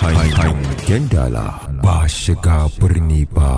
hanyar gendala ba shiga birni ba.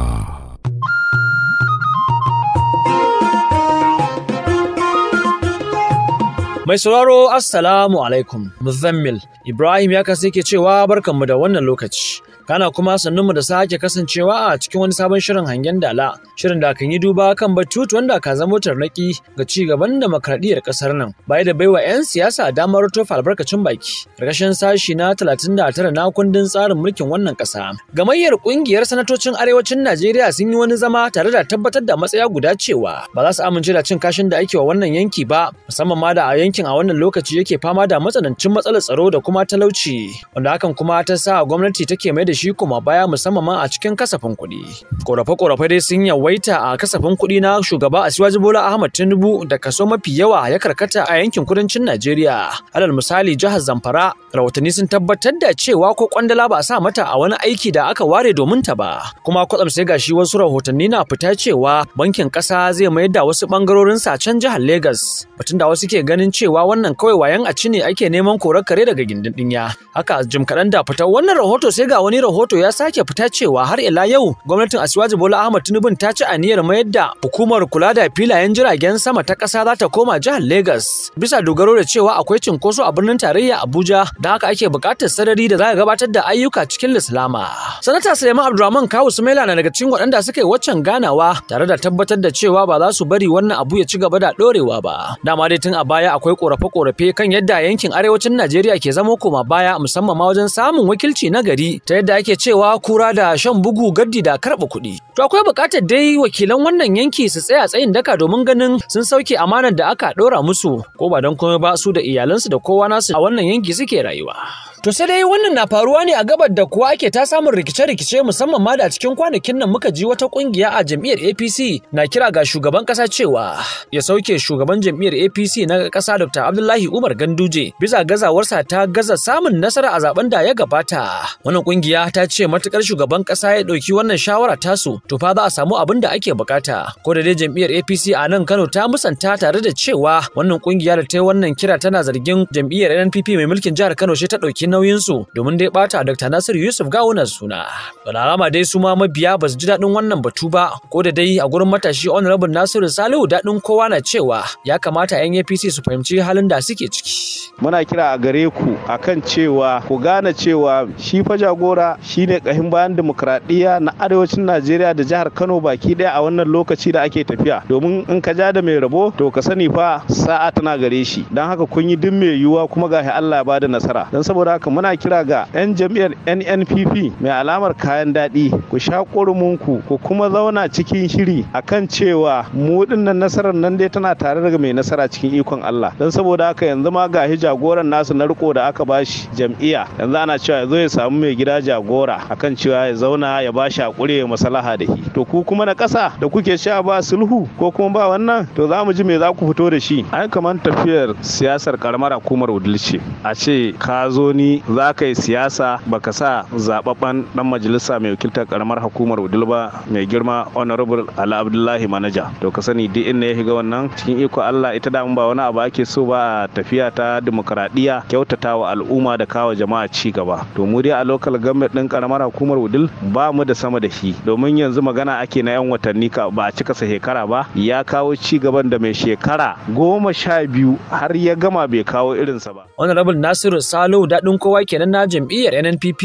Mai sauraro Assalamu alaikum, Muzammil Ibrahim ya kasance cewa barkanmu da wannan lokaci. Kana kuma sannunmu da sake kasancewa a cikin wani sabon shirin hangen dala, shirin da kan yi duba kan batutu wanda ka zama tarnaki ga ci gaban demokradiyyar kasar nan, baya da baiwa 'yan siyasa damar tofa albarkacin baki. Ƙarƙashin sashi na 39 na kundin tsarin mulkin wannan ƙasa. Gamayyar ƙungiyar sanatocin arewacin Najeriya sun yi wani zama tare da tabbatar da matsaya guda cewa ba za su amince da cin kashin da ake wa wannan yanki ba, musamman ma da a yankin a wannan lokaci yake fama da matsanancin matsalar tsaro da kuma talauci, wanda hakan kuma ta sa gwamnati take mai da da shi kuma baya musamman a cikin kasafin kuɗi. Ƙorafe-ƙorafe dai sun yawaita a kasafin kuɗi na shugaba Asiwaji Bola Ahmad Tinubu da kaso mafi yawa ya karkata a yankin kudancin Najeriya. Alal misali jihar Zamfara, rahotanni sun tabbatar da cewa ko kwandala ba sa mata a wani aiki da aka ware domin ta ba. Kuma kwatsam sai gashi wasu rahotanni na fita cewa bankin ƙasa zai mayar da wasu ɓangarorin sa can jihar Legas. Batun da wasu ke ganin cewa wannan kawai wayan a ci ne ake neman korar kare daga gindin dinya. Haka jim kaɗan da fitar wannan rahoto sai ga wani rahoto ya sake fita cewa har ila yau gwamnatin Asiwaji Bola Ahmad Tinubu ta ci aniyar mayar da hukumar kula da filayen jiragen sama ta ƙasa za ta koma jihar Lagos bisa dogaro da cewa akwai cinkoso a birnin tarayya Abuja da haka ake buƙatar sarari da za a gabatar da ayyuka cikin lislama. Sanata Suleiman Abdulrahman Kawu Sumaila na daga cikin waɗanda suka yi waccan ganawa tare da tabbatar da cewa ba za su bari wannan abu ya ci gaba da ɗorewa ba. Dama dai tun a baya akwai ƙorafe-ƙorafe kan yadda yankin arewacin Najeriya ke zama koma baya musamman ma wajen samun wakilci na gari ta yadda da ake cewa kura da shan bugu gaddi da karɓa kuɗi. To akwai buƙatar dai wakilan wannan yanki su tsaya tsayin daka domin ganin sun sauke amanar da aka ɗora musu ko ba don kuma ba su da iyalansu da kowa nasu a wannan yanki suke rayuwa. To sai dai wannan na faruwa ne a gabar da kuwa ake ta samun rikice-rikice musamman ma da cikin kwanakin nan muka ji wata kungiya a jam'iyyar APC na kira ga shugaban kasa cewa ya sauke shugaban jam'iyyar APC na kasa Dr. Abdullahi Umar Ganduje bisa gazawarsa ta gaza samun nasara a zaben da ya gabata. Wannan kungiya ta ce matukar shugaban kasa ya dauki wannan shawara tasu to fa za a samu abin da ake bukata. Ko da dai jam'iyyar APC a nan Kano ta musanta tare da cewa wannan kungiya da ta yi wannan kira tana zargin jam'iyyar NPP mai mulkin jihar Kano shi ta dauki nauyin su domin dai bata Dr. Nasiru Yusuf Gawunan suna. Balarama dai su ma mabiya ba su ji daɗin wannan batu ba ko da dai a gurin matashi Honorable Nasiru Salihu daɗin kowa na cewa ya kamata 'yan APC su fahimci halin da suke ciki. Muna kira a gare ku akan cewa ku gane cewa shi fa jagora shine kahin bayan demokradiyya na arewacin Najeriya da jihar Kano baki daya a wannan lokaci da ake tafiya domin in ka ja da mai rabo to ka sani fa sa'a tana gare shi don haka kun yi duk mai yiwuwa kuma gahi Allah ya bada nasara don saboda haka muna kira ga 'yan jam'iyyar NNPP mai alamar kayan daɗi ku sha ƙurumunku ku kuma zauna cikin shiri akan cewa mu dinnan nasarar nan dai tana tare daga mai nasara cikin ikon Allah don saboda haka yanzu ma gahi jagoran nasu na riko da aka bashi jam'iyya yanzu ana cewa ya zo ya samu mai gida jagora jagora akan cewa ya zauna ya ba shi hakuri ya maslaha da shi to ku kuma na ƙasa da kuke sha ba sulhu ko kuma ba wannan to za mu ji me za ku fito da shi ai kamar tafiyar siyasar karamar hukumar wudulce a ce ka zo ni za ka yi siyasa baka sa zababban dan majalisa mai wakiltar karamar hukumar wudil ba mai girma honorable ala abdullahi manaja to ka sani duk inda ya shiga wannan cikin iko allah ita da ba wani abu ake so ba tafiya ta demokradiya kyautata wa al'umma da kawo jama'a ci gaba to mu dai a local government din karamar hukumar wudil ba mu da sama da shi domin yanzu magana ake na yan watanni ka ba a cika sa shekara ba ya kawo ci gaban da mai shekara goma sha biyu har ya gama bai kawo irinsa ba. honorable nasiru salo daɗin kowa kenan na jam'iyyar nnpp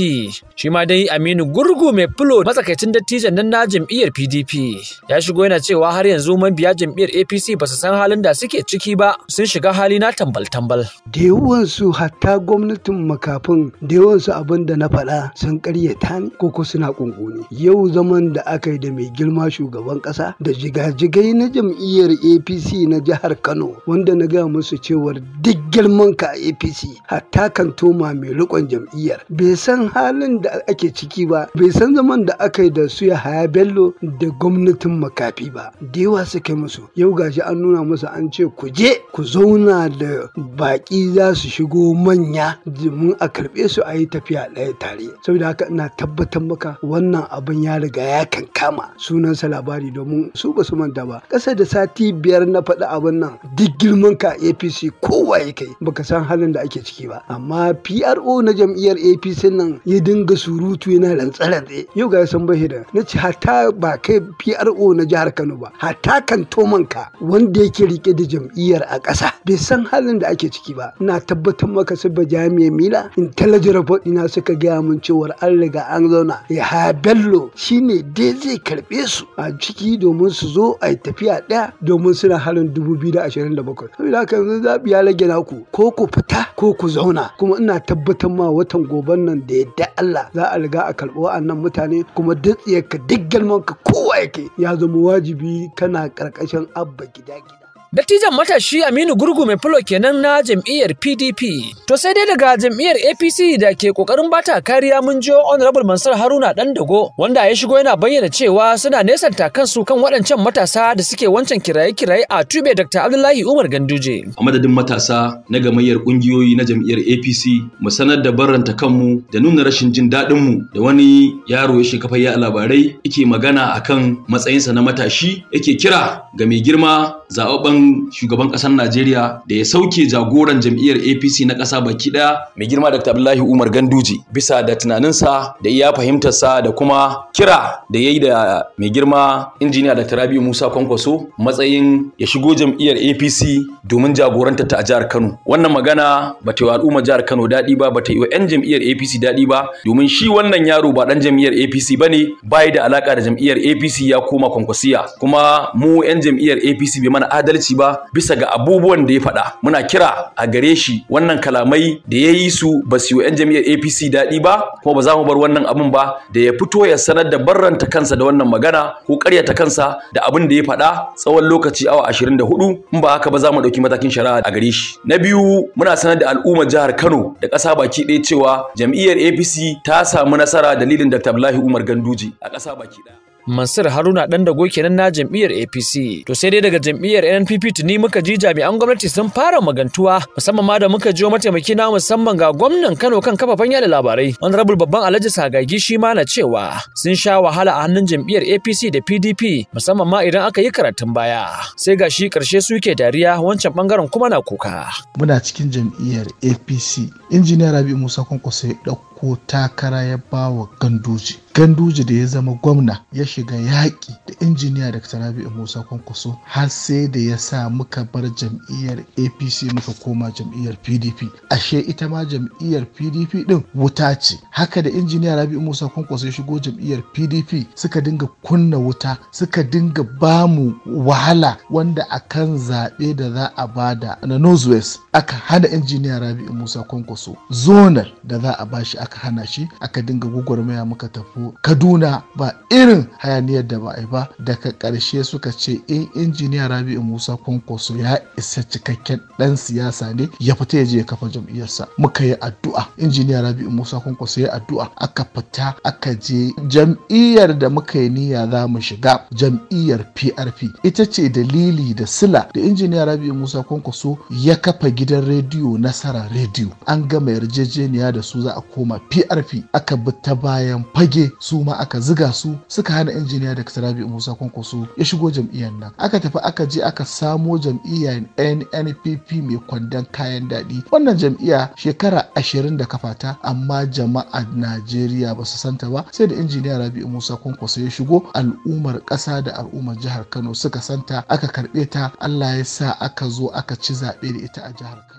shi ma dai aminu gurgu mai fulo matsakaicin dattijan nan na jam'iyyar pdp ya shigo yana cewa har yanzu mabiya jam'iyyar apc ba su san halin da suke ciki ba sun shiga hali na tambal-tambal. da yawansu hatta gwamnatin makafin da yawansu abin da na faɗa sun karyata ni ko ko suna kunkuni? yau zaman da aka yi da mai girma shugaban kasa da jigajigai na jam'iyyar apc na jihar kano wanda na gaya musu cewar duk girman ka a apc hatta kan toma mai rikon jam'iyyar bai san halin da ake ciki ba bai san zaman da aka yi da su ya haya bello da gwamnatin makafi ba da yawa suka musu yau gashi an nuna musu an ce ku je ku zauna da baki za su shigo manya domin a karɓe su a yi tafiya ɗaya tare saboda haka ina tabbatar maka wannan abin ya riga ya kankama sunansa labari domin su ba su manta ba ƙasa da sati biyar na faɗi abin nan duk girman ka apc kowa ya kai baka san halin da ake ciki ba amma pro na jam'iyyar apc nan ya dinga surutu yana rantse-rantse yau ga san bahira na ce hata ba kai pro na jihar kano ba hata kan ka. wanda yake rike da jam'iyyar a ƙasa bai san halin da ake ciki ba na tabbatar maka su ba jami'a mila intelligent report ina suka gaya mun cewa cewar an riga an zauna ya bello shine dai zai karɓe su a ciki domin su zo a tafiya ɗaya domin suna harin 2027 saboda haka yanzu zaɓi ya rage naku ko ku fita ko ku zauna kuma ina tabbatar ma watan goban nan da yadda Allah za a riga a karɓi wa'annan mutane kuma duk ka duk girman ka kowa yake ya zama wajibi kana ƙarƙashin abba gida gida Dattijan matashi Aminu Gurgu mai fulo kenan na jam'iyyar PDP. To sai dai daga jam'iyyar APC da ke kokarin bata kariya mun jiyo Honorable Mansar Haruna Dandago wanda ya shigo yana bayyana cewa suna nesanta kansu kan waɗancan matasa da suke wancan kiraye-kiraye a Tube Dr. Abdullahi Umar Ganduje. A madadin matasa na gamayyar ƙungiyoyi na jam'iyyar APC mu sanar da barranta kanmu da nuna rashin jin daɗin mu da wani yaro ya shiga fayya labarai yake magana akan matsayinsa na matashi yake kira ga mai girma zaɓaɓɓen shugaban kasar Najeriya da ya sauke jagoran jam'iyyar APC na ƙasa baki ɗaya mai girma Dr. Abdullahi Umar Ganduje bisa da tunaninsa da iya fahimtarsa da kuma kira da ya yi da mai girma injiniya Dr. Rabiu Musa Kwankwaso matsayin ya shigo jam'iyyar APC domin jagoranta ta a jihar Kano. Wannan magana ba ta yi al'ummar jihar Kano daɗi ba ba ta yi wa 'yan jam'iyyar APC daɗi ba domin shi wannan yaro ba ɗan jam'iyyar APC ba ne bai da alaƙa da jam'iyyar APC ya koma kwankwasiya kuma mu 'yan jam'iyyar APC bai mana adalci adalci ba bisa ga abubuwan da ya faɗa muna kira a gare shi wannan kalamai da ya yi su ba su yi 'yan jam'iyyar APC daɗi ba kuma ba za mu bar wannan abin ba da ya fito ya sanar da barranta kansa da wannan magana ko karyata kansa da abin da ya faɗa tsawon lokaci awa ashirin da hudu in ba haka ba za mu ɗauki matakin shari'a a gare shi na biyu muna sanar da al'ummar jihar Kano da ƙasa baki ɗaya cewa jam'iyyar APC ta samu nasara dalilin Dr. Abdullahi Umar Ganduje a ƙasa baki ɗaya Mansur Haruna dan dago kenan na jam'iyyar APC. To sai dai daga jam'iyyar NPP tuni muka ji jami'an gwamnati sun fara magantuwa musamman ma da muka jiyo mataimaki na musamman ga gwamnan Kano kan kafafen yada labarai. Honorable babban Alhaji Sagagi shi ma na cewa sun sha wahala a hannun jam'iyyar APC da PDP musamman ma idan aka yi karatun baya. Sai ga shi karshe suke dariya wancan bangaren kuma na kuka. Muna cikin jam'iyyar APC. Injiniya Rabi Musa Kwankwaso ya ko takara ya ba wa Ganduji ganduji da ya zama gwamna ya shiga yaƙi da injiniya da rabi'u musa kwankwaso har sai da ya sa muka bar jam'iyyar apc muka koma jam'iyyar pdp ashe ita ma jam'iyyar pdp din wuta ce haka da injiniya rabi'u musa kwankwaso ya shigo jam'iyyar pdp suka dinga kunna wuta suka dinga bamu wahala wanda akan zaɓe da za a bada na northwest aka hana injiniya rabi'u musa kwankwaso zonar da za a ba bashi aka hana shi aka dinga gwagwarmaya muka tafi kaduna ba irin hayaniyar da ba a ba daga ƙarshe suka ce in eh, injiniya rabi'u musa kwankwaso ya isa cikakken ɗan siyasa ne ya fita ya je ya kafa jam'iyyarsa muka yi addu'a injiniya rabi'u musa kwankwaso ya addu'a aka fita aka je jam'iyyar da muka yi niyya za mu shiga jam'iyyar prp ita ce dalili da sila da injiniya rabi'u musa kwankwaso ya kafa gidan rediyo nasara rediyo an gama yarjejeniya da su za a koma PRP aka bi ta bayan fage su ma aka ziga su suka hana injiniya da Rabi Musa Kwankwaso ya shigo jam'iyyar nan aka tafi aka je aka samo jam'iyyar NNPP mai kwandon kayan daɗi wannan jam'iyya shekara ashirin da kafata amma jama'a Najeriya ba su santa ba sai da injiniya Rabi Musa Kwankwaso ya shigo al'ummar ƙasa da al'ummar jihar Kano suka santa aka karɓe ta Allah ya sa aka zo aka ci zaɓe da ita a jihar Kano.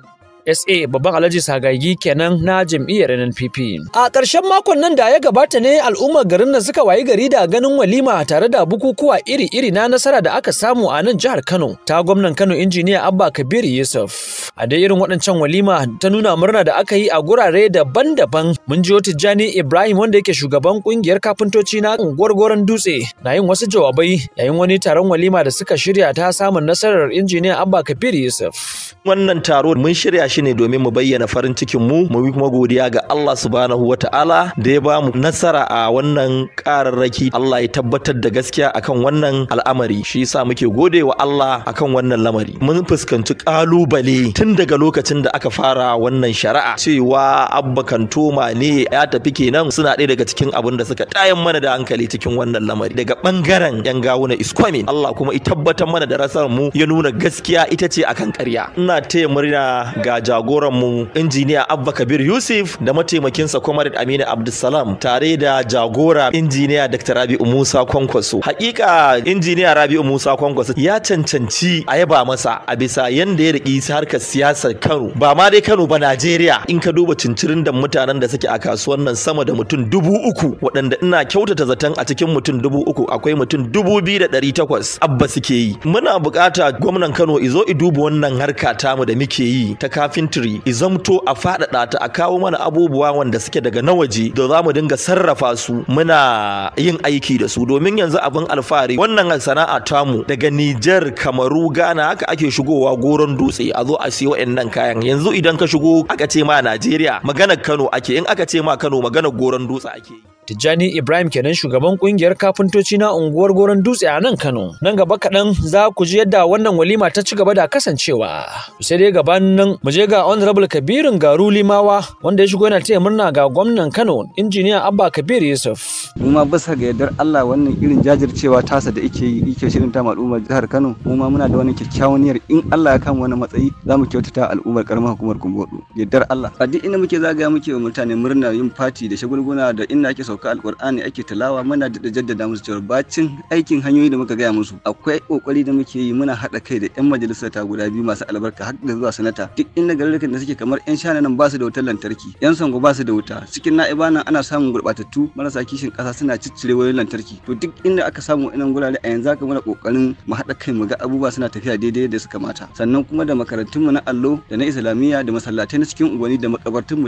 SA babban Alhaji Sagagi kenan na jam'iyyar NNPP. A ƙarshen makon nan da ya gabata ne al'ummar garin nan suka wayi gari da ganin walima tare da bukukuwa iri-iri na nasara da aka samu a nan jihar Kano ta gwamnan Kano injiniya Abba Kabir Yusuf. A dai irin waɗancan walima ta nuna murna da aka yi a gurare daban-daban mun jiyo Tijjani Ibrahim wanda yake shugaban kungiyar kafintoci na gwargwaron dutse na yin wasu jawabai yayin wani taron walima da suka shirya ta samun nasarar injiniya Abba Kabir Yusuf. Wannan taro mun shirya shi shi ne domin mu bayyana farin cikin mu mu kuma godiya ga Allah subhanahu wata'ala da ya bamu nasara a wannan kararraki Allah ya tabbatar da gaskiya akan wannan al'amari shi yasa muke gode wa Allah akan wannan lamari mun fuskanci kalubale tun daga lokacin da aka fara wannan shari'a cewa abba kantoma ne ya tafi kenan suna ɗaya daga cikin abin da suka tayan mana da hankali cikin wannan lamari daga bangaren yan gawuna iskwamin Allah kuma ya tabbatar mana da rasar mu ya nuna gaskiya ita ce akan ƙarya ina taya murna ga jagoran mu injiniya Abba Kabir Yusuf da mataimakinsa Comrade Aminu Abdulsalam tare da jagora injiniya Dr. Rabi'u Musa Kwankwaso. Hakika injiniya Rabi'u Musa Kwankwaso ya cancanci a yaba masa a bisa yanda ya riƙi harkar siyasar Kano ba ma dai Kano ba Najeriya in ka duba cincirin da mutanen da suke a kasuwar nan sama da mutum dubu uku waɗanda ina kyautata zaton a cikin mutum dubu uku akwai mutum dubu biyu da ɗari takwas Abba suke yi. Muna buƙata gwamnan Kano izo duba wannan harka tamu da muke yi ta carpentry izamto a faɗaɗa ta a kawo mana abubuwa wanda suke daga na waje da za mu dinga sarrafa su muna yin aiki da su domin yanzu abin alfahari wannan sana'a tamu daga Nijar Kamaru Ghana haka ake shigowa goron dutse a zo a siyo nan kayan yanzu idan ka shigo aka ce ma Najeriya magana Kano ake in aka ce ma Kano magana goron dutse ake yi Tijjani Ibrahim kenan shugaban kungiyar kafintoci na unguwar Goron Dutse a nan Kano. Nan gaba kaɗan za ku ji yadda wannan walima ta ci gaba da kasancewa. Sai dai gabanin nan mu je ga Honorable Kabirin Garu Limawa wanda ya shigo yana taya murna ga gwamnan Kano Injiniya Abba Kabir Yusuf. Mu ma bisa ga yardar Allah wannan irin jajircewa tasa da yake yi ike shirin ta al'ummar jihar Kano mu ma muna da wani kyakkyawan niyyar in Allah ya kama wani matsayi za mu kyautata al'ummar karamar hukumar Kumbodo. Yardar Allah. A duk inda muke zagaya muke wa mutane murna yin fati da shagulguna da inda ake so sauka alkur'ani ake talawa muna da jaddada musu cewa bacin aikin hanyoyi da muka gaya musu akwai kokari da muke yi muna haɗa kai da 'yan majalisar ta guda biyu masu albarka har da zuwa sanata duk inda garurrukan da suke kamar 'yan shana nan ba da wutar lantarki 'yan sango ba da wuta cikin na'iba nan ana samun gurɓatattu marasa kishin ƙasa suna ciccire wayoyin lantarki to duk inda aka samu inan gurare a yanzu aka muna kokarin mu haɗa kai mu ga abubuwa suna tafiya daidai da suka mata sannan kuma da makarantun mu na allo da na islamiyya da masallatai na cikin unguwanni da mu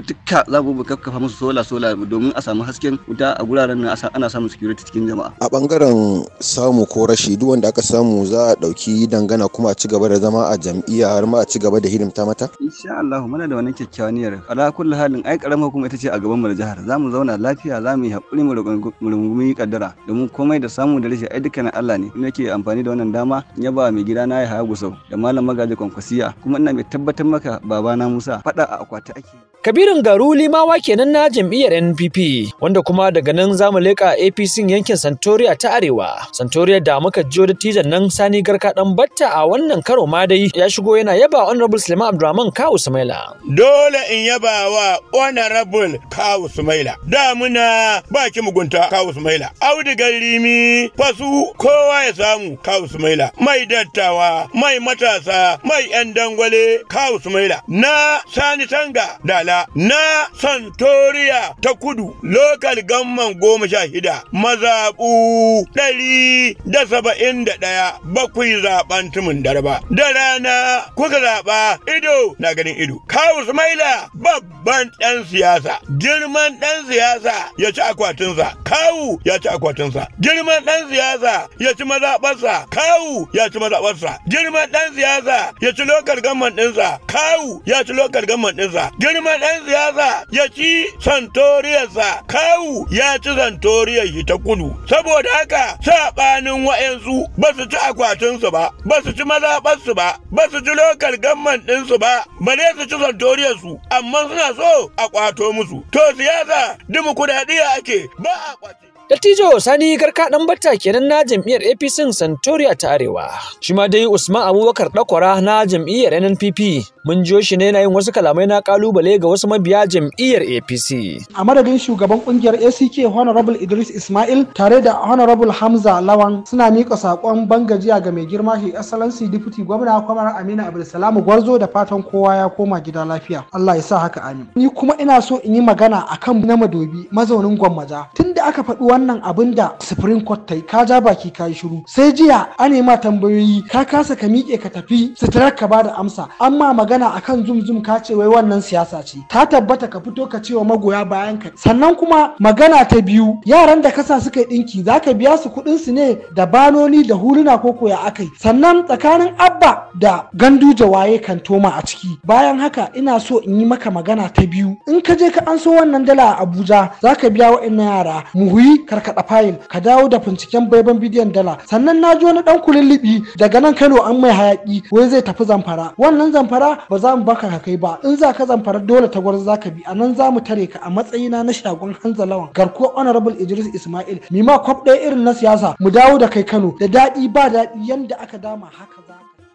duka za mu kakkafa musu sola sola domin a samu hasken ita a guraren nan ana samun security cikin jama'a a bangaren samu ko rashi duk wanda aka samu za a dauki dangana kuma a ci da zama a jam'iyya har ma a ci gaba da hidimta mata insha Allah muna da wannan kyakkyawan niyyar ala kulli halin ai karamar hukuma ita ce a gaban mu da jihar zamu zauna lafiya zamu yi hakuri mu rungumi kaddara domin komai da samu da rashi ai dukkan Allah ne ina ke amfani da wannan dama ya ba mai gida na ya haya gusau da malam magaji kwankwasiya kuma ina mai tabbatar maka babana Musa fada a akwati ake Kabirin Garuli mawa kenan na jam'iyyar NPP wanda kuma daga nan za mu leƙa apc yankin santoria ta arewa santoria da muka jiyo tijan nan sani garka dan batta a wannan karo ma dai ya shigo yana yaba honorable suleiman abdulrahman kawu sumaila dole in yaba wa honorable kawu sumaila da muna baki mugunta kawu sumaila Audu rimi fasu kowa ya samu kawu sumaila mai dattawa mai matasa mai ƴan dangwale kawu sumaila na sani tanga dala na santoria ta kudu lokal gamman goma sha shida mazaɓu ɗari da saba'in da ɗaya bakwai zaɓen tumin darba da rana kuka zaɓa ido na ganin ido kawu sumaila babban ɗan siyasa girman ɗan siyasa ya ci akwatinsa kawu ya ci akwatinsa girman ɗan siyasa ya ci mazaɓarsa kawu ya ci mazaɓarsa girman ɗan siyasa ya ci lokar gamman ɗinsa kawu ya ci lokar gamman ɗinsa girman ɗan siyasa ya ci santoriyarsa kawu ya ci zantoriyar yi ta kudu saboda haka saɓanin wa'yansu ba su ci akwatinsu ba ba su ci mazaɓarsu ba ba su ci lokal gamman ɗinsu ba ne su ci zantoriyarsu amma suna so a kwato musu to siyasa dimu kudadiya ake ba a kwace Dattijo Sani Garka ɗan batta kenan na jam'iyyar APC Santoria ta Arewa. Shi dai Usman Abubakar Dakwara na jam'iyyar NNPP mun jiyo shi ne na yin wasu kalamai na kalubale ga wasu mabiya jam'iyyar APC. A madadin shugaban kungiyar ACK Honorable Idris Ismail tare da Honorable Hamza Lawan suna mika sakon gajiya ga mai girma shi Excellency Deputy Gwamna Kwamar Aminu Abdulsalam Gwarzo da fatan kowa ya koma gida lafiya. Allah ya sa haka amin. Ni kuma ina so in yi magana akan na madobi mazaunin Gwammaja. Tunda aka faɗi wannan abin da Supreme Court ta yi ka ja baki ka yi shiru. Sai jiya an ma tambayoyi ka kasa ka miƙe ka tafi suturar ka ba da amsa. Amma magana akan zum ka ce wai wannan siyasa ce ta tabbata ka fito ka ce wa magoya bayan ka sannan kuma magana ta biyu yaran da kasa suka yi dinki zaka biya su kuɗin su ne da banoni da huluna ko koya akai sannan tsakanin abba da gandu waye kan toma a ciki bayan haka ina so in yi maka magana ta biyu in ka je ka an so wannan dala a abuja za ka biya wa'annan yara muhuyi karkada fayil ka dawo da binciken baiban bidiyon dala sannan na ji wani dan kulillibi daga nan kano an mai hayaki wai zai tafi zamfara wannan zamfara ba za mu baka kai ba in za ka zamfara dole tagwar za ka bi anan nan za mu tare ka a matsayina na shagon hanzalawan garko honorable idris ismail mima kwaf ɗaya irin na siyasa mu dawo da kai kano da daɗi ba daɗi yanda aka dama haka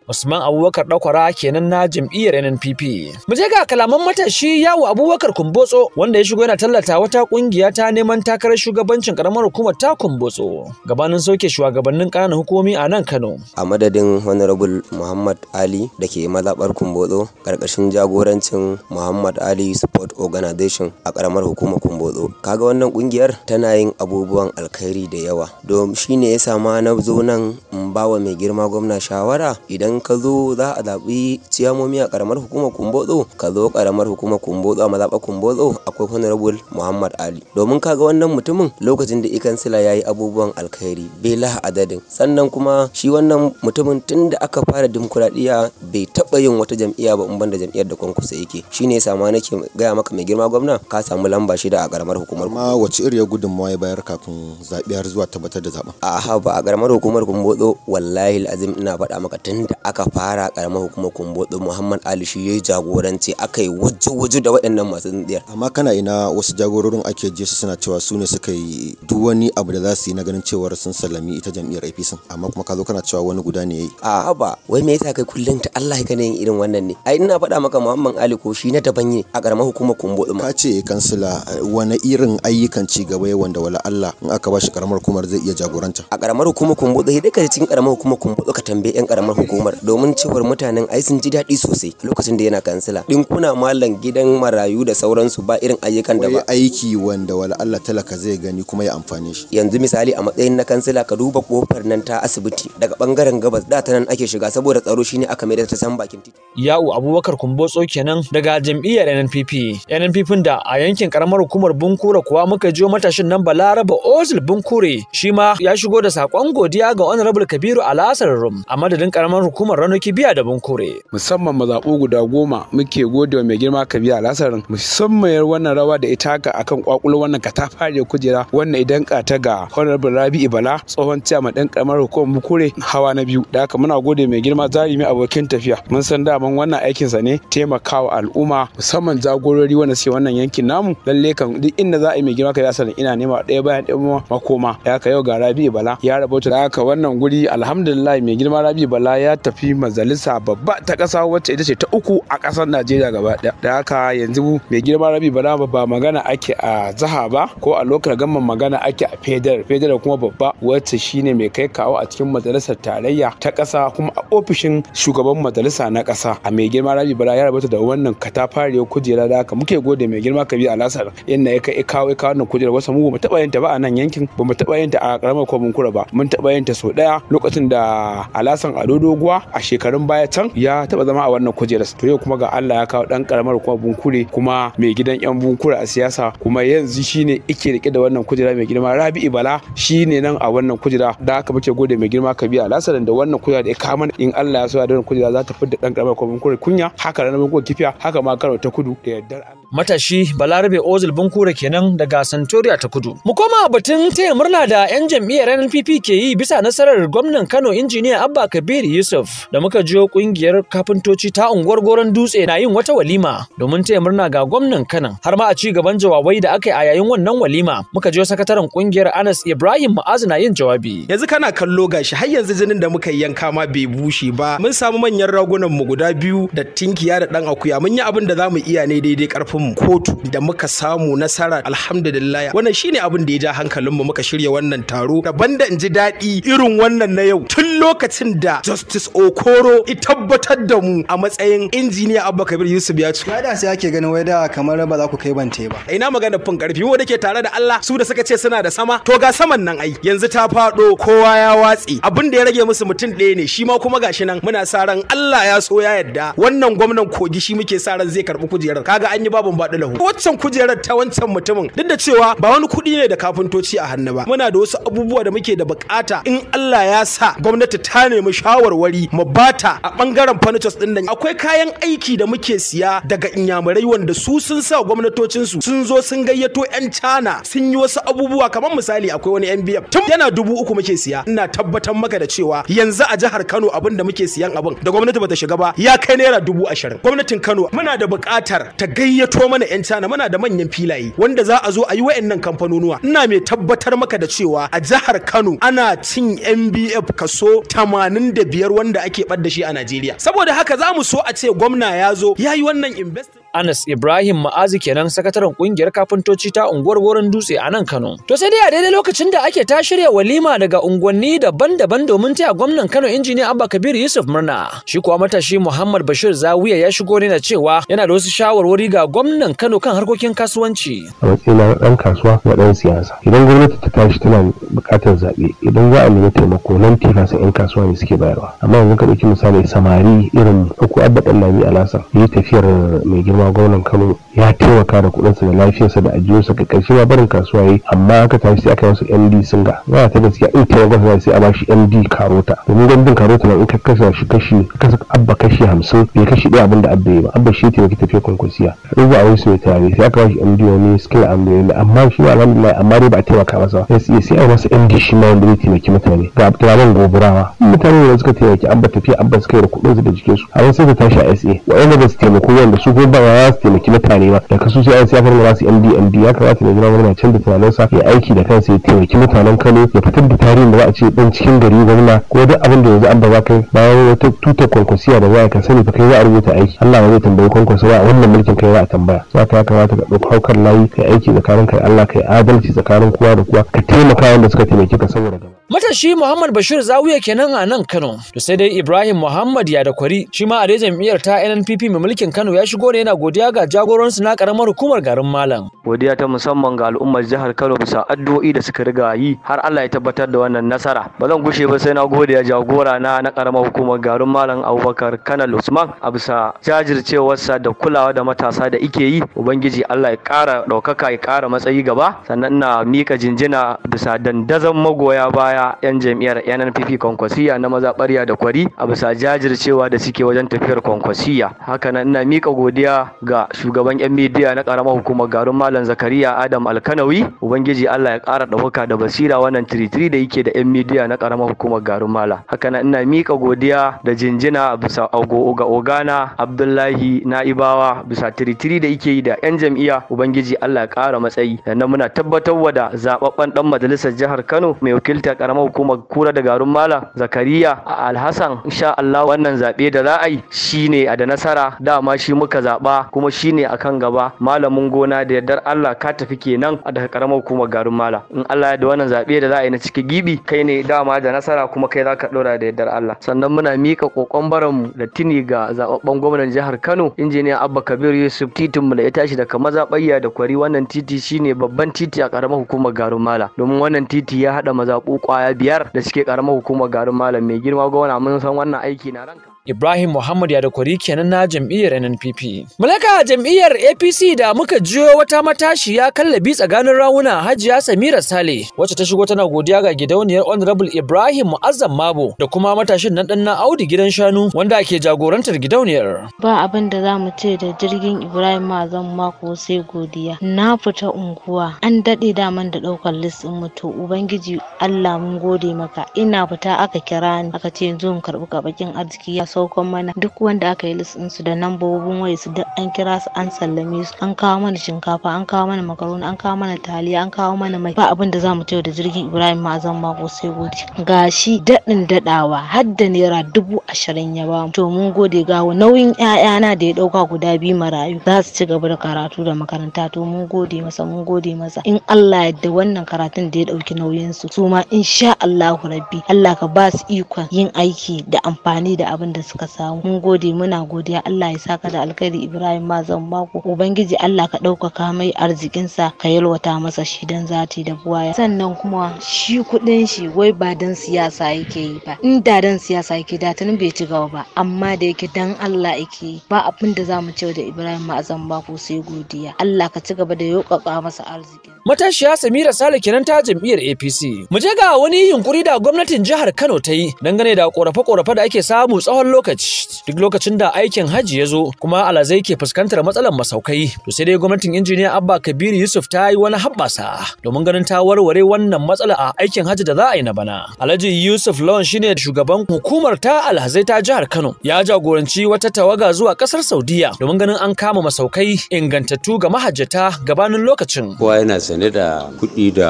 Usman Abubakar Dakwara kenan na jam'iyyar NNPP. Mu je ga kalaman matashi yawo Abubakar Kumbotso wanda ya shigo yana tallata wata kungiya ta neman takarar shugabancin karamar hukumar ta Kumbotso. Gabanin sauke shugabannin ƙananan hukumomi a nan Kano. A madadin Honorable Muhammad Ali da ke mazaɓar Kumbotso karkashin jagorancin Muhammad Ali Support Organization a karamar hukumar Kumbotso. Kaga wannan kungiyar tana yin abubuwan alkhairi da yawa. shi shine yasa ma na zo nan in bawa mai girma gwamna shawara idan in ka zo za a zaɓi ciyamomi a ƙaramar hukumar kumbotso ka zo ƙaramar hukumar kumbotso a mazaɓar kumbotso akwai honorable muhammad ali domin ga wannan mutumin lokacin da ikansila ya yi abubuwan alkhairi bela adadin sannan kuma shi wannan mutumin tun da aka fara dimokuraɗiyya bai taɓa yin wata jam'iyya ba in banda jam'iyyar da kwankwasa yake shine sama nake gaya maka mai girma gwamna ka samu lamba shida a ƙaramar hukumar ma wace iriya gudunmawa ya bayar kafin zaɓe zuwa tabbatar da zaɓen a ba a ƙaramar hukumar kumbotso wallahi azim ina faɗa maka tun aka fara karamar hukumar Kumbotso Muhammad Ali shi yayi jagoranci aka yi waje-waje da waɗannan masu tsintsiyar. Amma kana ina wasu jagororin ake je su suna cewa su ne suka yi duk wani abu da za su yi na ganin cewar sun sallami ita jam'iyyar APC amma kuma ka zo kana cewa wani guda ne yayi. A ba wai me yasa kai kullum ta Allah ka yin irin wannan ne. Ai ina faɗa maka Muhammad Ali ko shi na daban ne a karamar hukumar Kumbotso. Ka ce kansila wani irin ayyukan ci gaba wanda wala Allah in aka ba shi ƙaramar hukumar zai iya jagoranta. A karamar hukumar Kumbotso sai dai ka cikin karamar hukumar Kumbotso ka tambaye 'yan karamar hukumar domin cewar mutanen ai sun ji daɗi sosai lokacin da yana kansila kuna malam gidan marayu da sauransu ba irin ayyukan da ba aiki wanda wala Allah talaka zai gani kuma ya amfane shi yanzu misali a matsayin na kansila ka duba kofar nan ta asibiti daga bangaren gabas da ta nan ake shiga saboda tsaro shine aka da ta san bakin titi ya'u abubakar kumbotso kenan daga jam'iyyar NNPP NNPP da a yankin karamar hukumar Bunkure kuwa muka jiyo matashin nan Balaraba Ozil Bunkure shi ma ya shigo da sakon godiya ga Honorable Kabiru Alasar Rum a madadin karamar hukumar hukumar rano biya da bunkure. Musamman mazaɓu guda goma muke gode mai girma ka biya lasarin musamman yar wannan rawa da ita haka akan kwakulo wannan fare kujera wannan idan ta ga honorable Rabi Ibala tsohon ciyama dan karamar hukumar bunkure hawa na biyu da haka muna gode mai girma zarimi abokin tafiya mun san daman wannan aikin sa ne taimakawa al'umma musamman jagorori wanda suke wannan yankin namu lalle kan duk inda za a yi mai girma ka biya lasarin ina nema ɗaya bayan ɗaya makoma ya ka yau ga Rabi Ibala ya rabota da haka wannan guri alhamdulillah mai girma Rabi Bala ya tafi shafi majalisa babba ta ƙasa wacce ita ce ta uku a ƙasar najeriya gaba ɗaya da haka yanzu mai girma rabi ba ba magana ake a jiha ba ko a lokacin gamman magana ake a federal federal kuma babba wacce shine mai kai kawo a cikin majalisar tarayya ta ƙasa kuma a ofishin shugaban majalisa na ƙasa a mai girma rabi bala ya rabata da wannan katafariyar kujera da haka muke gode mai girma kabi alasar yadda ya kai kawo ya kawo wannan kujera wasu mu ba taɓa yin ta ba a nan yankin Ba mu taɓa yin ta a ƙaramar kwamin kura ba mun taɓa yin ta sau ɗaya lokacin da alasan a doguwa a shekarun baya can ya taba zama a wannan kujerar to yau kuma ga Allah ya kawo dan karamar kuma bunkure kuma mai gidan yan bunkure a siyasa kuma yanzu shine ike rike da wannan kujera mai girma Rabi'u Bala shine nan a wannan kujera da aka muke gode mai girma biya Lasarin da wannan kujera da ya kama in Allah ya so da wannan kujera za ta da dan karamar kuma bunkure kunya haka ranar bunkure kifiya haka ma karo ta kudu da yardar Allah matashi Balarabe Ozil bunkure kenan daga Santoria ta kudu mu koma batun taya murna da yan jam'iyyar NPP ke yi bisa nasarar gwamnan Kano injiniya Abba Kabir Yusuf Joseph da muka jiyo kungiyar kafintoci ta unguwar Goron Dutse na yin wata walima domin taya murna ga gwamnan Kanan har ma a ci gaban jawabai da aka yi a yayin wannan walima muka jiyo sakataren kungiyar Anas Ibrahim Ma'az na yin jawabi. Yanzu kana kallo gashi har yanzu jinin da muka yanka ma bai bushe ba mun samu manyan ragunan mu guda biyu da tinkiya da dan akuya mun yi abin da zamu iya ne daidai karfin mu kotu da muka samu nasara alhamdulillah wannan shine abin da ya ja hankalinmu muka shirya wannan taro daban da in ji daɗi irin wannan na yau tun lokacin da Justice okoro i tabbatar da mu a matsayin injiniya abba kabir yusuf ya ci da sai ake ganin wai da kamar ba za ku kai bante ba ina magana fin karfi wanda ke tare da Allah su da suka ce suna da sama to ga saman nan ai yanzu ta fado kowa ya watsi abin da ya rage musu mutum ɗaya ne shi ma kuma gashi nan muna sa ran Allah ya so ya yarda wannan gwamnan kogi shi muke sa ran zai karbi kujerar kaga an yi babun baɗi lahu waccan kujerar ta wancan mutumin duk da cewa ba wani kuɗi ne da kafintoci a hannu ba muna da wasu abubuwa da muke da bukata in Allah ya sa gwamnati ta nemi shawarwari mu bata a bangaren furnitures din nan akwai kayan aiki da muke siya daga inyamurai wanda su sun sa gwamnatocin su sun zo sun gayyato yan cana sun yi wasu abubuwa kamar misali akwai wani NBF tun yana dubu uku muke siya ina tabbatar maka da cewa yanzu a jihar Kano abin da muke siyan abin da gwamnati bata shiga ba ya kai naira dubu ashirin gwamnatin Kano muna da buƙatar ta gayyato mana yan cana muna da manyan filaye wanda za a zo a yi wa'annan kamfanonuwa ina mai tabbatar maka da cewa a jihar Kano ana cin NBF kaso 85 wanda da ake ɓadda da shi a Najeriya saboda haka za mu so a ce gwamna ya zo ya yi wannan investment Anas Ibrahim Ma'azi kenan sakataren kungiyar kafintoci ta unguwar Goron Dutse a nan Kano. To sai dai a daidai lokacin da ake ta shirya walima daga unguwanni daban-daban domin taya gwamnan Kano injiniya Abba Kabir Yusuf murna. Shi kuwa matashi Muhammad Bashir Zawiya ya shigo ne da cewa yana da wasu shawarwari ga gwamnan Kano kan harkokin kasuwanci. A matsayin ɗan kasuwa da ɗan siyasa. Idan gwamnati ta tashi tana buƙatar zaɓe idan za a nemi taimako nan sa 'yan kasuwa ne suke bayarwa. Amma yanzu ka ɗauki misali samari irin ko Abba Ɗanlami Alasa ya yi tafiyar mai girma girma gwamnan kano ya taimaka da kuɗinsa da lafiyarsa da ajiyarsa ga karshe ma barin kasuwa yi amma aka tashi sai aka yi wasu md singa ba ta gaskiya in taimaka gwamnati sai a bashi md karota domin gwamnatin karota na in ka kasa shi kashi kasa abba kashi hamsin bai kashi ɗaya abin da abba ya ba abba shi taimaki tafiya kwankwasiya rubu a wani su mai tunani sai aka bashi md wani skill alhamdulillah amma shi ma alhamdulillah amma dai ba a taimaka masa ba sai sai a masa md shi ma wanda zai taimaki mutane ga abdulrahman goburawa mutane ne suka taimaki abba tafiya abba suka yi da kudinsa da jikinsu a wasu sai ta tashi a sa wa'anda ba su taimako wanda su ko ba za su taimaki mutane ba da kasu sai an siyafar ba su MD MD ya kamata ne jira gwamna canza sa ya aiki da kansa ya taimaki mutanen Kano ya fitar da tarihin da za a ce dan cikin gari gwamna ko duk abin da yanzu an ba kai bayan wata tutar kwankwasiya da za ka sani fa kai za a rubuta aiki Allah ba zai tambayi kwankwasa ba wannan mulkin kai za a tambaya za ka ya kamata ka ɗauki haukar layi kai aiki tsakanin kai Allah kai adalci tsakanin kowa da kowa ka taimaka wanda suka taimake ka saboda gaba Matashi Muhammad Bashir Zawiya kenan a nan Kano. To sai dai Ibrahim Muhammad ya da kwari shi ma a rejin miyar ta NNPP mai mulkin Kano ya shigo ne yana godiya ga jagoransu na karamar hukumar garin Malam. Godiya ta musamman ga al'ummar jihar Kano bisa addu'o'i da suka riga yi har Allah ya tabbatar da wannan nasara. Ba zan gushe ba sai na gode ya jagora na na karamar hukumar garin Malam Abubakar Kanal Usman a bisa jajircewarsa da kulawa da matasa da ike yi. Ubangiji Allah ya kara daukaka ya ƙara matsayi gaba sannan na mika jinjina bisa dandazon magoya baya baya 'yan jam'iyyar NNPP Kwankwasiya na mazaɓarya da kwari a bisa jajircewa da suke wajen tafiyar Kwankwasiya. Hakanan ina miƙa godiya ga shugaban 'yan midiya na ƙaramar hukumar garin Malam Zakariya Adam Alkanawi, Ubangiji Allah ya ƙara ɗaukaka da basira wannan tiritiri da yake da 'yan midiya na ƙaramar hukumar garin Malam. Hakanan ina miƙa godiya da jinjina a bisa ga Ogana Abdullahi Na'ibawa bisa tiritiri da yake da 'yan jam'iyya Ubangiji Allah ya ƙara matsayi. Sannan muna tabbatar da zaɓaɓɓen ɗan majalisar jihar Kano mai wakiltar karamar hukumar kura da garin mala zakariya a alhassan insha Allah wannan zaɓe da za a yi shine a da nasara dama shi muka zaɓa kuma shine a kan gaba malamin gona da yardar Allah ka tafi kenan a daga karamar hukumar garun mala in Allah ya da wannan zaɓe da za a yi na ciki gibi kai ne dama da nasara kuma kai za ka ɗora da yardar Allah sannan muna mika kokon baranmu da tuni ga zababben gwamnan jihar Kano injiniya Abba Kabir Yusuf titin mu da ya tashi daga mazaɓayya da kwari wannan titi shine babban titi a karamar hukumar garun mala domin wannan titi ya haɗa mazaɓu kwaya biyar da suke karamar hukumar garin malam mai girma gwamna mun san wannan aiki na ranka Ibrahim Muhammad ya da kwari kenan na jam'iyyar NNPP. Mulaka jam'iyyar APC da muka jiyo wata matashi ya kallabi tsakanin rawuna Hajiya Samira Sale wacce ta shigo tana godiya ga gidauniyar Honorable Ibrahim Mu'azzam Mabo da kuma matashin nan dan na Audu gidan shanu wanda ake jagorantar gidauniyar. Ba abin da za mu ce da jirgin Ibrahim Mu'azzam Mako sai godiya. Na fita unguwa an daɗe daman da ɗaukar listin mutu Ubangiji Allah mun gode maka ina fita aka kira ni aka ce yanzu in karɓi bakin arziki ya saukan mana duk wanda aka yi listin su da nambobin waye su duk an kira su an sallame su an kawo mana shinkafa an kawo mana makaroni an kawo mana taliya an kawo mana mai ba abin da za mu ce da jirgin Ibrahim Ma'azan mako sai gode gashi daɗin daɗawa har da naira dubu ashirin ya bamu to mun gode gawo nauyin ƴaƴana da ya ɗauka guda biyu marayu za su ci gaba da karatu da makaranta to mun gode masa mun gode masa in Allah yadda wannan karatun da ya ɗauki nauyin su su ma insha Allahu rabbi Allah ka ba su ikon yin aiki da amfani da abin da suka samu mun gode muna godiya Allah ya saka da alkhairi Ibrahim mazan mako ubangiji Allah ka ɗaukaka mai arzikinsa ka yalwata masa shi dan zati da buwaya sannan kuma shi kuɗin shi wai ba dan siyasa yake yi ba in da dan siyasa yake da tun bai ci gaba ba amma da yake dan Allah yake yi ba abin da zamu ce da Ibrahim mazan mako sai godiya Allah ka ci gaba da yokaka masa arziki matashiya Samira Sale kenan ta jam'iyyar APC mu je ga wani yunkuri da gwamnatin jihar Kano ta yi dangane da korafe-korafe da ake samu tsawon lokaci duk lokacin da aikin hajji ya zo kuma alazai ke fuskantar matsalar masaukai to sai dai gwamnatin injiniya abba kabiru yusuf ta yi wani habbasa domin ganin ta warware wannan matsala a aikin hajji da za a yi na bana alhaji yusuf lawan shine shugaban hukumar ta alhazai ta jihar kano ya jagoranci wata tawaga zuwa kasar saudiya domin ganin an kama masaukai ingantattu ga mahajjata gabanin lokacin kowa yana sane da kuɗi da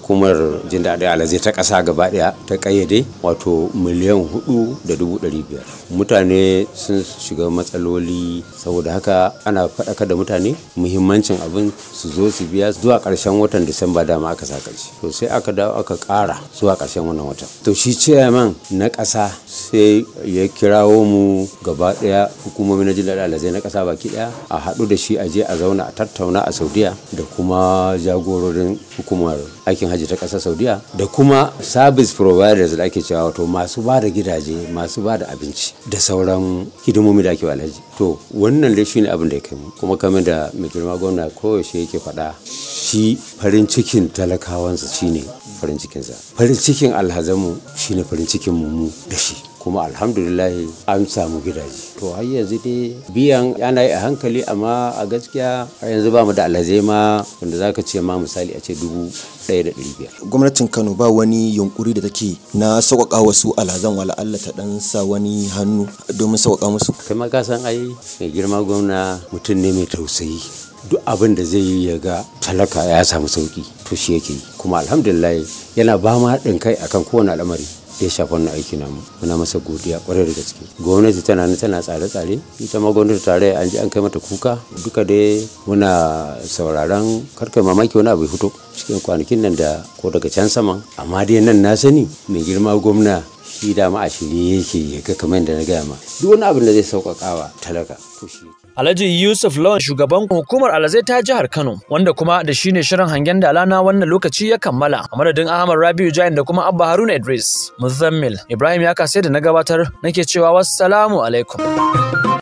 hukumar jin alhazai ta ƙasa gaba ɗaya ta ƙayyade wato miliyan hudu da dubu ɗari biyar mutane sun shiga matsaloli saboda haka ana faɗaka da mutane muhimmancin abin su zo su biya zuwa ƙarshen watan disamba dama aka sa ƙarshe to sai aka dawo aka ƙara zuwa ƙarshen wannan watan to shi ciyaman na ƙasa sai ya kirawo mu gaba ɗaya hukumomi na jillar alazai na ƙasa baki ɗaya a haɗu da shi a je a zauna a tattauna a saudiya da kuma jagororin hukumar aikin hajji ta ƙasar saudiya da kuma service providers da ake cewa wato masu ba da gidaje masu ba da abinci da sauran hidimomi da ake wa alhaji to wannan dai shine abin da ya kai mu kuma kame da mai girma gwamna koyaushe yake faɗa shi farin cikin talakawansa shine farin cikinsa farin cikin alhazanmu shine farin cikin mu da shi kuma alhamdulillah an samu gidaje to har yanzu dai biyan yana yi a hankali amma a gaskiya har yanzu ba mu da alhazai ma za ka ce ma misali a ce dubu ɗaya da ɗari biyar gwamnatin kano ba wani yunkuri da take na sauƙaƙa wasu alhazan wala Allah ta ɗan sa wani hannu domin sauƙaƙa musu kai ma ka san ai mai girma gwamna mutum ne mai tausayi duk abin da zai yi ya ga talaka ya samu sauƙi to shi yake kuma alhamdulillah yana ba ma haɗin kai akan kowane al'amari ya shafa wannan aiki namu muna masa godiya kwarai da gaske gwamnati tana nan tana tsare-tsare ita ma gwamnati tare an ji an kai mata kuka duka dai muna sauraron karka mamaki wani abu fito cikin kwanakin nan da ko daga can saman amma dai nan na sani mai girma gwamna shi dama a shirye yake ya ga kamar da na gaya ma duk wani abin da zai sauƙaƙawa talaka to shi Alhaji Yusuf Lawan shugaban hukumar Alazai ta jihar Kano wanda kuma da shine shirin hangen dala na wannan lokaci ya kammala a madadin Ahmad Rabiu Jain da kuma Abba Haruna Idris Muzammil Ibrahim ya kase da na gabatar nake cewa wassalamu alaikum